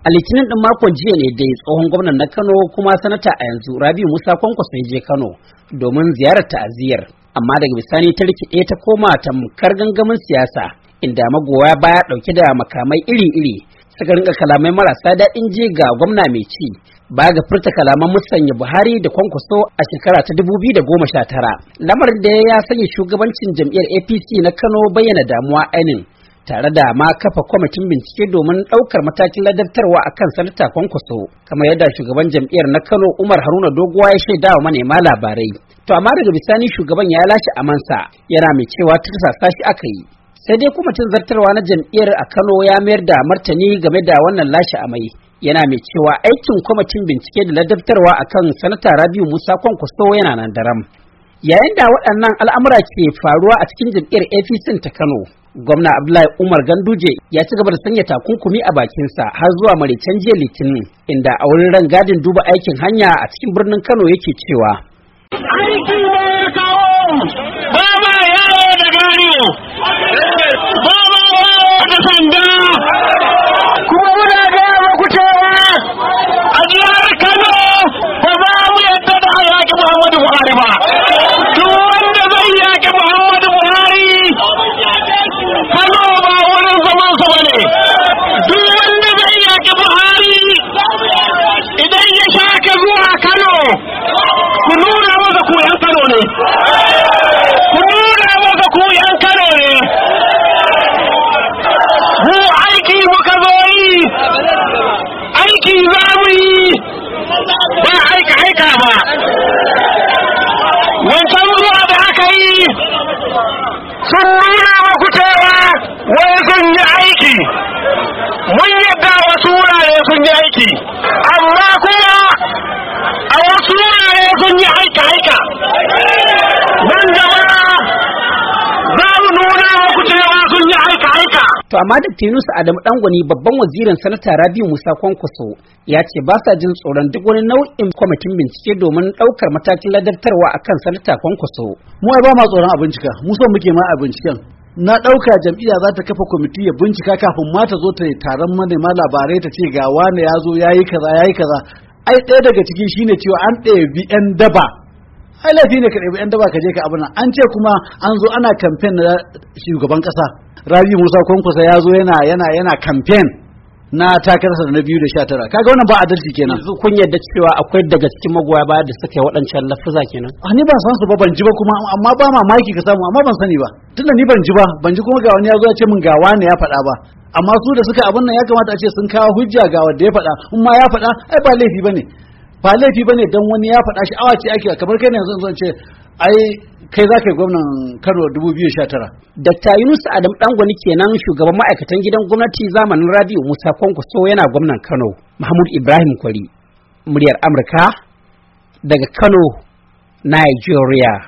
a litinin din makon jiya ne dai tsohon gwamnan na kano kuma sanata a yanzu rabi musa kwankwaso ya je kano domin ziyarar ta'aziyar amma daga bisani ta rikide ta koma tamkar gangamin siyasa inda magoya baya dauke da makamai iri-iri suka rinka kalamai marasa daɗin je ga gwamna mai ci Ba ga furta kalaman musanya buhari da kwankwaso a shekara ta dubu biyu da goma sha tara. lamarin da ya sanya shugabancin jam'iyyar apc na kano bayyana damuwa ainin tare da ma kafa kwamitin bincike domin ɗaukar matakin ladabtarwa akan sanata kwankwaso kamar yadda shugaban jam'iyyar na kano umar haruna doguwa ya shaida wa manema labarai to amma daga bisani shugaban ya lashe amansa yana mai cewa tursasa shi aka yi sai dai kwamitin zartarwa na jam'iyyar a kano ya mayar da martani game da wannan lashe amai yana mai cewa aikin kwamitin bincike da ladabtarwa akan sanata rabiu musa kwankwaso yana nan daram yayin da waɗannan al'amura ke faruwa a cikin jam'iyyar apc ta kano gwamna abdullahi umar ganduje ya ci gaba da sanya takunkumi a bakinsa har zuwa maricen jiya litinin inda a wurin rangadin duba aikin hanya a cikin birnin kano yake cewa Kaaba To amma da Tinus Adamu Dangwani babban wazirin sanata Rabiu Musa Kwankwaso ya ce ba sa jin tsoron duk wani nau'in kwamitin bincike domin ɗaukar matakin ladartarwa kan sanata Kwankwaso. Mu ba ma tsoron a bincika, mu so muke ma a binciken. Na ɗauka jam'iyya za ta kafa kwamiti ya bincika kafin ma ta zo ta yi taron manema labarai ta ce ga wane ya zo ya yi kaza ya yi kaza. Ai ɗaya daga ciki shine cewa an bi 'yan daba ai laifi ne ka bi 'yan daba ka je ka abin an ce kuma an zo ana kamfen na shugaban ƙasa rabi musa kwankwasa ya zo yana yana yana campaign na takarar da na biyu da sha tara kaga wannan ba adalci kenan yanzu kun yarda cewa akwai daga cikin magoya baya da suka yi waɗancan lafuza kenan a ah, ni ba san su ba ban ji ba kuma amma ba mamaki ka samu amma ban sani ba tunda ni ban ji ba ban ji kuma ga wani ya zo ya ce min ga wani ya faɗa ba amma su da suka abin nan ya kamata a ce sun kawo hujja ga wanda ya faɗa in ma ya faɗa ai ba laifi bane ba laifi bane dan wani ya faɗa shi awa ce ake kamar kai ne yanzu zan ce ai kai za ka yi gwamnan Kano 2019. Dr. Yunus Adam gwani kenan shugaban ma'aikatan gidan gwamnati zamanin radio Musa so yana gwamnan Kano Mahmud Ibrahim Kwari muryar Amurka daga Kano Nigeria.